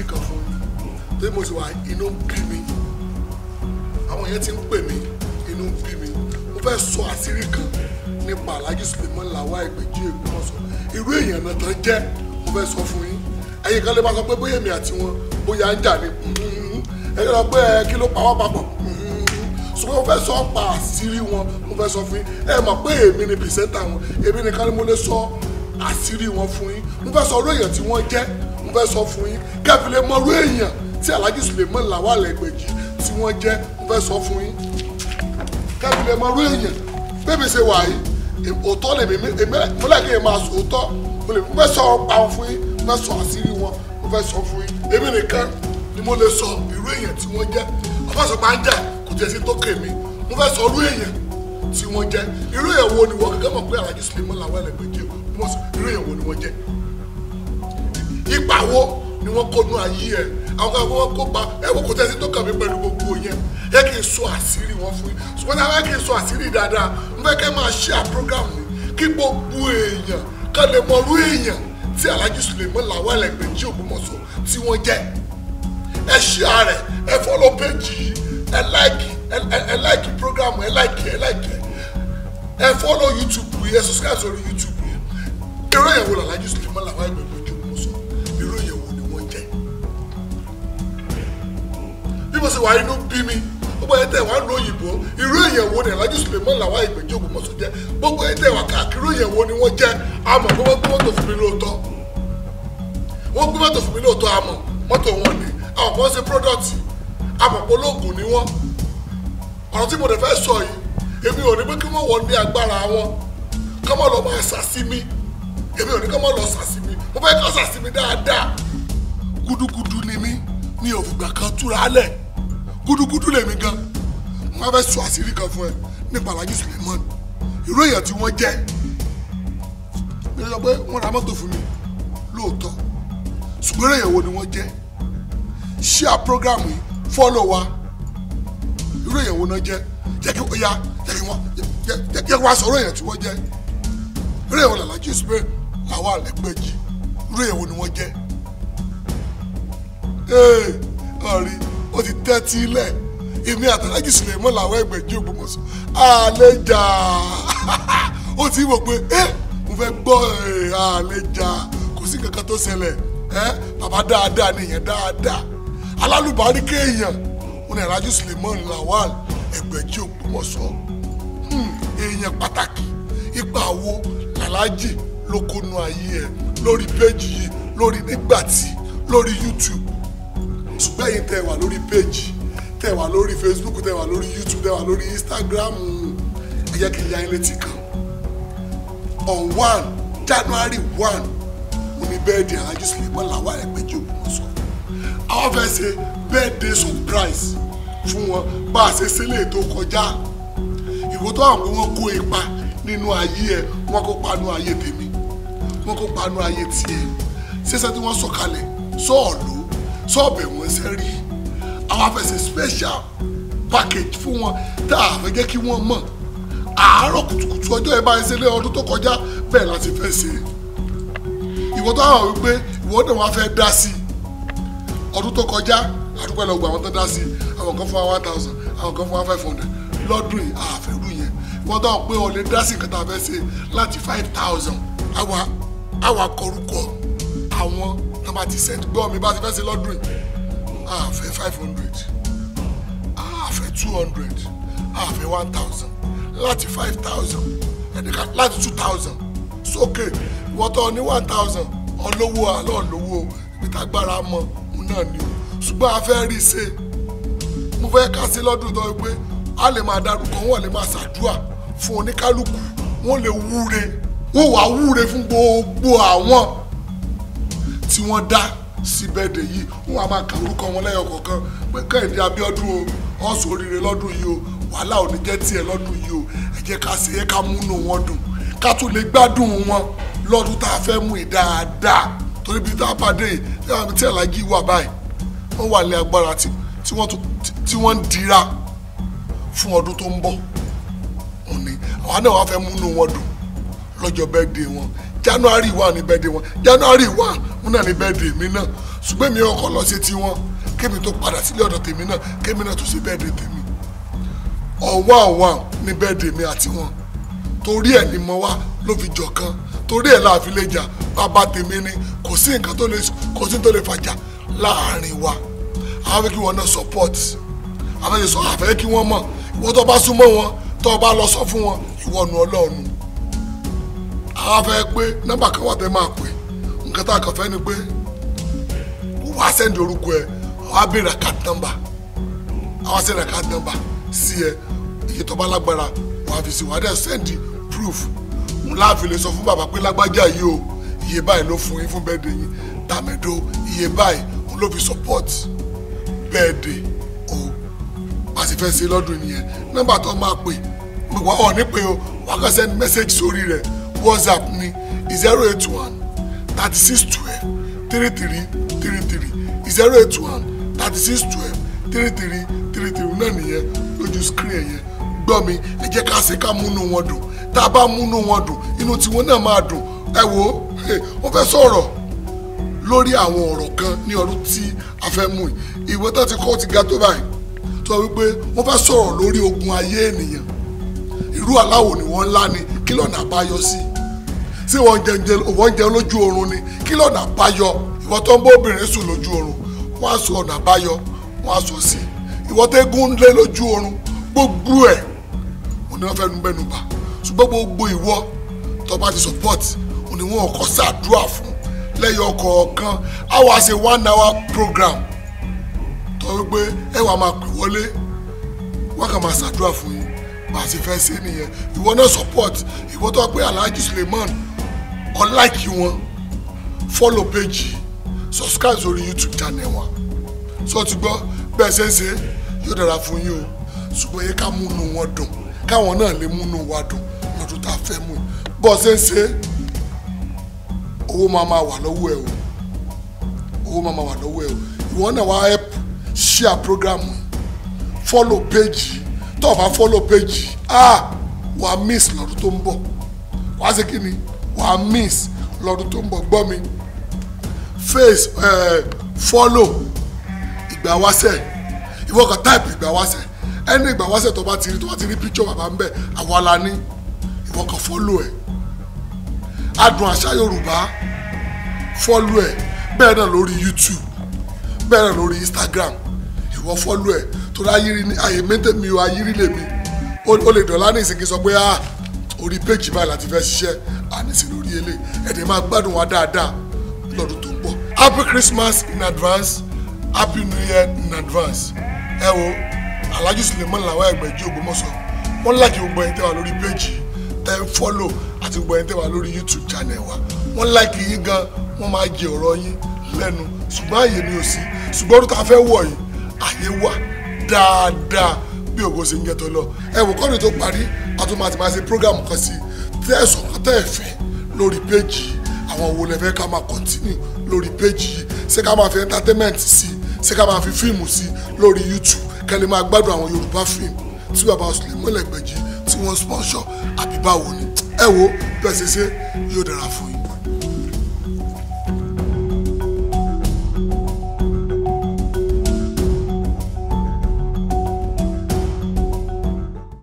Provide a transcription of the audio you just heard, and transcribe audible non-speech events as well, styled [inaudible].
kiri kan fún tí mo ti wà inú ń bí mi àwọn yẹn ti ń pè mí inú ń bí mi mo fẹ́ sọ àṣírí kan nípa Alhaji Suleiman Lawal Ìgbèjì Ògbómọ̀ṣọ́ irú èèyàn náà tán jẹ́ mo fẹ́ sọ fún yín ẹ̀yin kan lè máa sọ pé bóyá èmi àti wọn bóyá ń jà ní ẹ̀yin lọ pé kí ló pa wá papọ̀ ṣùgbọ́n mo fẹ́ sọ pa àṣírí wọn mo fẹ́ sọ fún yín ẹ mọ̀ pé èmi ni pìṣẹ́ntà wọn èmi nìkan ni mo lè sọ àṣírí wọn fún yín mo fẹ́ sọ orí èèyàn tí wọ́n jẹ́ mo fẹ́ sọ fún yín kẹ́fì mọrú èèyàn tí Alhaji Suleiman Lawal Egbeji tí wọ́n jẹ́ mo fẹ́ sọ fún yín kẹ́fì mọrú èèyàn bébè ṣe wà yìí òótọ́ lèmi mo lẹ́kẹ̀ẹ́ máa sọ òótọ́ mo lè fẹ́ sọ pa fún yín mo fẹ́ sọ àṣírí wọn mo fẹ́ sọ fún yín èmi nìkan ni mo lè sọ irú èèyàn tí wọ́n jẹ́ ọfọ́sọ ń jà kò tiẹ̀ sí tó kè mo fẹ́ sọ irú èèyàn tí wọ́n jẹ́ irú èèyàn wo ni wọ́n kẹ́kẹ́ mọ̀ pé Alhaji Suleiman Lawal Egbeji irú èèyàn wo ni wọ́n jẹ́ ipa wo ni wọ́n kó ayé ẹ̀ àwọn kan wọ́n kó ba kò tẹ́sí tó kàn mí pẹ̀lú gbogbo yẹn ẹ kì í sọ àṣírí wọn fún yín ṣùgbọ́n náà ẹ kì í sọ àṣírí dáadáa n fẹ́ kẹ́ máa ṣe à mi kí gbogbo èèyàn kan lè mọrú èèyàn tí Alhaji Suleiman Lawal Egbenji Ògbómọ̀ṣọ́ tí wọ́n jẹ́ ẹ ṣe ààrẹ ẹ follow page yìí ẹ like ẹ like program ẹ like ẹ like ẹ follow YouTube yìí ẹ subscribe bí mo ṣe inú bí mi gbogbo ẹ̀ tẹ̀ wá ń lo òyìnbó irú èèyàn wo ni Alhaji Suleiman Lawal Ìgbèjì Ògbómọ̀ṣọ́ jẹ́ gbogbo ẹ̀ tẹ̀ wá káàkiri èèyàn ni wọ́n jẹ́ àmọ́ pé wọ́n gbé fún mi lóòótọ́ wọ́n gbé mọ́tò fún mi lóòótọ́ àmọ́ mọ́tò wọn ni àwọn kan ṣe product àmọ́ pé olóògùn ni wọ́n ọ̀rọ̀ tí mo dẹ̀ fẹ́ sọ yìí èmi ò ní pé kí wọ́n wọ ní agbára wọn kọ́ mọ́ lọ gudugudu lèmi gan wọn fẹ́ sọ àṣírí kan fún ẹ nípa alhaji suleiman ìró èèyàn tí wọ́n jẹ́ mi lọ pé wọ́n ra mọ́tò fún mi lóòótọ́ ṣùgbọ́n èèyàn wo ni wọ́n jẹ́ ṣíà program yìí fọ́lọ̀ wa ìró èèyàn wo náà jẹ́ jẹ́ kí ya jẹ́ kí wọ́n jẹ́ kí wọ́n sọ̀rọ̀ èèyàn tí wọ́n jẹ́ ìró èèyàn wo ni alhaji suleiman làwọn àlẹ́gbẹ̀jì ìró èèyàn wo ni wọ́n jẹ́ ọ̀rìn ó ti tẹ́tí ilẹ̀ èmi àtàlájì sùlẹ̀mọ́ làwọn ẹgbẹ̀jì Ògbómọ̀ṣọ́ àlejà [laughs] ó ti wò pé ẹ mo fẹ́ gbọ́ àlejà kò sí kankan tó ṣẹlẹ̀ ẹ bàbá dáadáa ni èèyàn dáadáa alálùbárí kéèyàn ó ní àtàlájì sùlẹ̀mọ́ làwọn ẹgbẹ̀jì Ògbómọ̀ṣọ́ hmm, èèyàn pàtàkì ipa wo làlájì ló kónú ayé ẹ lórí péjì yìí lórí nígbàtí lórí YouTube ṣùgbọ́n ẹ̀yin tẹ́ wà lórí péjì tẹ́ wà lórí facebook tẹ́ wà lórí youtube tẹ́ wà lórí instagram ẹ jẹ́ kí n ya ilé ti kàn on one january one omi bẹ́ẹ̀dì alájú sílẹ̀mọ́ làwọn ẹgbẹ́jì Ògbómọ̀ṣọ́ àwọn fẹ́ ṣe birthday surprise fún wọn bá a ṣe sílẹ̀ tó kọjá ìwọ tó àwọn wọn kó ipa nínú ayé ẹ wọn kó panu ayé tèmi wọn kó panu ayé tiẹ̀ ṣẹṣẹ tí wọ́n sọ̀kalẹ̀ sọ̀ọ́lù ṣọ́ọ̀bù wọn ṣe rí àwọn afẹsẹ̀ special package fún wọn tá a fẹ́ jẹ́ kí wọ́n mọ̀ àárọ̀ kùtùkùtù ọjọ́ ẹ bá ẹ ṣe lé ọdún tó kọjá bẹ́ẹ̀ láti fẹ́ ṣe ìwọ tó hàn wípé ìwọ náà wàá fẹ́ dá sí ọdún tó kọjá àdúgbò ẹlọgbọ àwọn tó dá sí àwọn kan fún wa one thousand àwọn kan fún wa five hundred lọ́dún yìí àfẹ́rù yẹn ìwọ tó hàn pé o lè dá sí nǹkan tá a fẹ́ ṣe láti five thousand àwa àwa kọrúkọ àwọn tó bá ti send gbọ́ mi bá ti fẹ́ ṣe lọ́dún yìí àfẹ́ five hundred àfẹ́ two hundred àfẹ́ one thousand láti five thousand ẹ̀dẹ̀ka láti two thousand sókè ìwọ́tọ̀ ní one thousand ọlọ́wọ́ àlọ́ ọlọ́wọ́ ìtagbára mọ́ òun náà ni o ṣùgbọ́n a fẹ́ rí i ṣe mo fẹ́ ká sí lọ́dún tó pé a lè máa darúkọ wọn lè máa ṣàdúà fún oníkálukú wọn lè wúre wọn wàá wúre fún gbogbo àwọn tí wọ́n dá síbẹ̀ dè yìí wọ́n á máa ka orúkọ wọn lẹ́yọ̀ kọ̀ọ̀kan pé kẹ́hìndé abíọ́dún o ọ̀sùn oríire lọ́dún yìí o wàhálà ò ní jẹ́ tiẹ̀ lọ́dún yìí o ẹ ká ṣe é ká múnú wọn dùn ká tún lè gbádùn wọn lọ́dún tá a fẹ́ mú yìí dáadáa torí bí tá a yìí tí alájí wà báyìí ó wà lé agbára tí wọ́n ń dira fún ọdún tó ń bọ̀ òní àwa náà wàá fẹ́ múnú wọn dùn lọ́jọ́ bẹ́ẹ̀ dé wọn January wà ní bẹ́ẹ̀ dé wọn January wà wọn náà ní bẹ́ẹ̀dì mi náà ṣùgbọ́n mi ò kọ́ lọ sí tiwọn kémi tó padà sílé ọ̀dọ̀ tèmi náà kémi náà tó ṣe bẹ́ẹ̀dì tèmi ọ̀wá ọ̀wá ní bẹ́ẹ̀dì mi àti wọn torí ẹ̀ ni mo wá ló fi jọ kan torí ẹ̀ láàfin lè jà bàbá tèmi ni kò sí nǹkan tó lè kò sí tó lè fàjà láàrin wa àwọn fẹ́ kí wọn náà support àwọn fẹ́ sọ àfẹ́ kí wọ́n mọ̀ ìwọ tó bá súnmọ́ wọn tó bá lọ sọ fún wọn ìwọ ọlọ́run àwọn fẹ́ pé nọ́mbà kan wà tẹ́ máa pè é nǹkan tá a kàn fẹ́ ni pé wà á sẹ́ndì orúkọ ẹ wà á béèrè àká nọ́mbà àwọn sẹ́ndì àká nọ́mbà sí ẹ iye tó bá lágbára wà á fi sí wà á sẹ́ndì proof n láàfin lè sọ fún bàbá pé lágbájá yìí o iye báyìí ló fún yín fún bẹ́ẹ̀dẹ̀ yín tàmẹ́dọ́ iye báyìí òun ló fi support bẹ́ẹ̀dẹ̀ o bá a sì fẹ́ ṣe lọ́dún nìyẹn nọ́mbà tó máa pè pè wá ọ̀ ní pé o wà kàn send message sórí rẹ̀ whatsapp ni zero eight one thirty six twelve three three three three zero eight one thirty six twelve three three three three náà nìyẹn lójú screen yẹn gbọ́ mi ẹ jẹ́ ká ṣe ká múnú wọn dùn tá a bá múnú wọn dùn inú tiwọn náà máa dùn ẹ wo ó fẹ́ sọ̀rọ̀ lórí àwọn ọ̀rọ̀ kan ní ọdún tí a fẹ́ mú yìí ìwé tó ti kọ́ ti ga tó báyìí tó wípé wọ́n fẹ́ sọ̀rọ̀ lórí ogun ayé ènìyàn irú aláwo ni wọ́n ńlá ni kí lọ́nà àbáyọ sí i tí wọ́n jẹunjẹ wọ́n jẹun lójú oorun ni kí lọ́nà àbáyọ ìwọ tó ń bó obìnrin sùn lójú oorun wọ́n á sọ ọ̀nà àbáyọ wọ́n á sọ sí i ìwọ tó gún lé lójú oorun gbogbo ẹ̀ mo ní wọ́n fẹ́ nu bẹ́nu bá ṣùgbọ́n gbogbo ìwọ tó bá ti support mo ní wọn kọ́ sàdúrà fún lẹ́yìn ọkọ̀ kan á wá ṣe one hour program tó wípé ẹ wàá máa pè wọlé wọ́n kàn máa sàdúrà fún yín bá a ṣe fẹ́ ṣe nìyẹn ìwọ náà support ìwọ tó pé Alhaji Suleiman or like wọn follow page subscribe sórí youtube channel So sọ ti gbọ́ bẹ́ẹ̀ ṣe ń ṣe you dára fún yín o ṣùgbọ́n yẹ ká múnú wọn dùn káwọn náà lè múnú wa dùn lọ́dún tá a fẹ́ mú bọ́ ṣe ń ṣe owó máa máa wà lọ́wọ́ ẹ̀ help share program follow page tó o follow page ah we miss Lord tó What's bọ̀ wàá wàá miss lọ́dún tó ń bọ̀ gbọ́ mi face follow ìgbà wáṣẹ̀ ìwọ kan type ìgbà wáṣẹ̀ ẹni ìgbà wáṣẹ̀ tó bá ti rí tó bá ti rí picture bàbá ń bẹ̀ àwa la ní ìwọ kan follow ẹ̀ adùn àṣà yorùbá follow ẹ̀ bẹ́ẹ̀ náà lórí youtube bẹ́ẹ̀ náà lórí instagram ìwọ follow ẹ̀ tó ráyírí ní àyè mẹ́tẹ̀mí o ayírí lèmi O lè dọ̀lá ní ìsìnkí sọ pé ah orí péjì báyìí láti fẹ́ ṣiṣẹ́ àníṣe lórí ele ẹ̀dẹ̀ máa gbádùn wa dáadáa lọ́dún tó ń bọ̀. happy christmas in advance happy new year in advance ẹ wo alhaji suleiman lawal ẹgbẹ̀jì ògbómọ̀ṣọ́ wọ́n láàkì gbogbo ẹni tẹ́ wà lórí péjì tẹ́ ń fọ́lò àti gbogbo ẹni tẹ́ wà lórí youtube channel wa wọ́n láàkì yín gan wọ́n máa jẹ ọ̀rọ̀ yín lẹ́nu ṣùgbọ́n àyè ni ò sí ṣùgbọ́n ọdún tá wọ̀ yìí àyè wà dáadáa bí ògo ṣe ń jẹ tó lọ ẹ̀wọ̀n kọ́ni tó parí a tún máa ti máa ṣe program kan sí tẹ́ ẹ̀ sọ̀kan tẹ́ ẹ̀ fẹ́ lórí péjì àwọn wo lẹ fẹ́ ká máa continue lórí péjì yìí ṣé ká máa fi entertainment sí ṣé ká máa fi fíìmù sí lórí YouTube kẹ́ lè máa gbádùn àwọn Yorùbá fíìmù tí bàbá Suleiman Lẹ́gbẹ̀jì tí wọ́n sponsor àbí báwo ni ẹ bẹ́ẹ̀ ṣe ṣe yóò dára fún yín.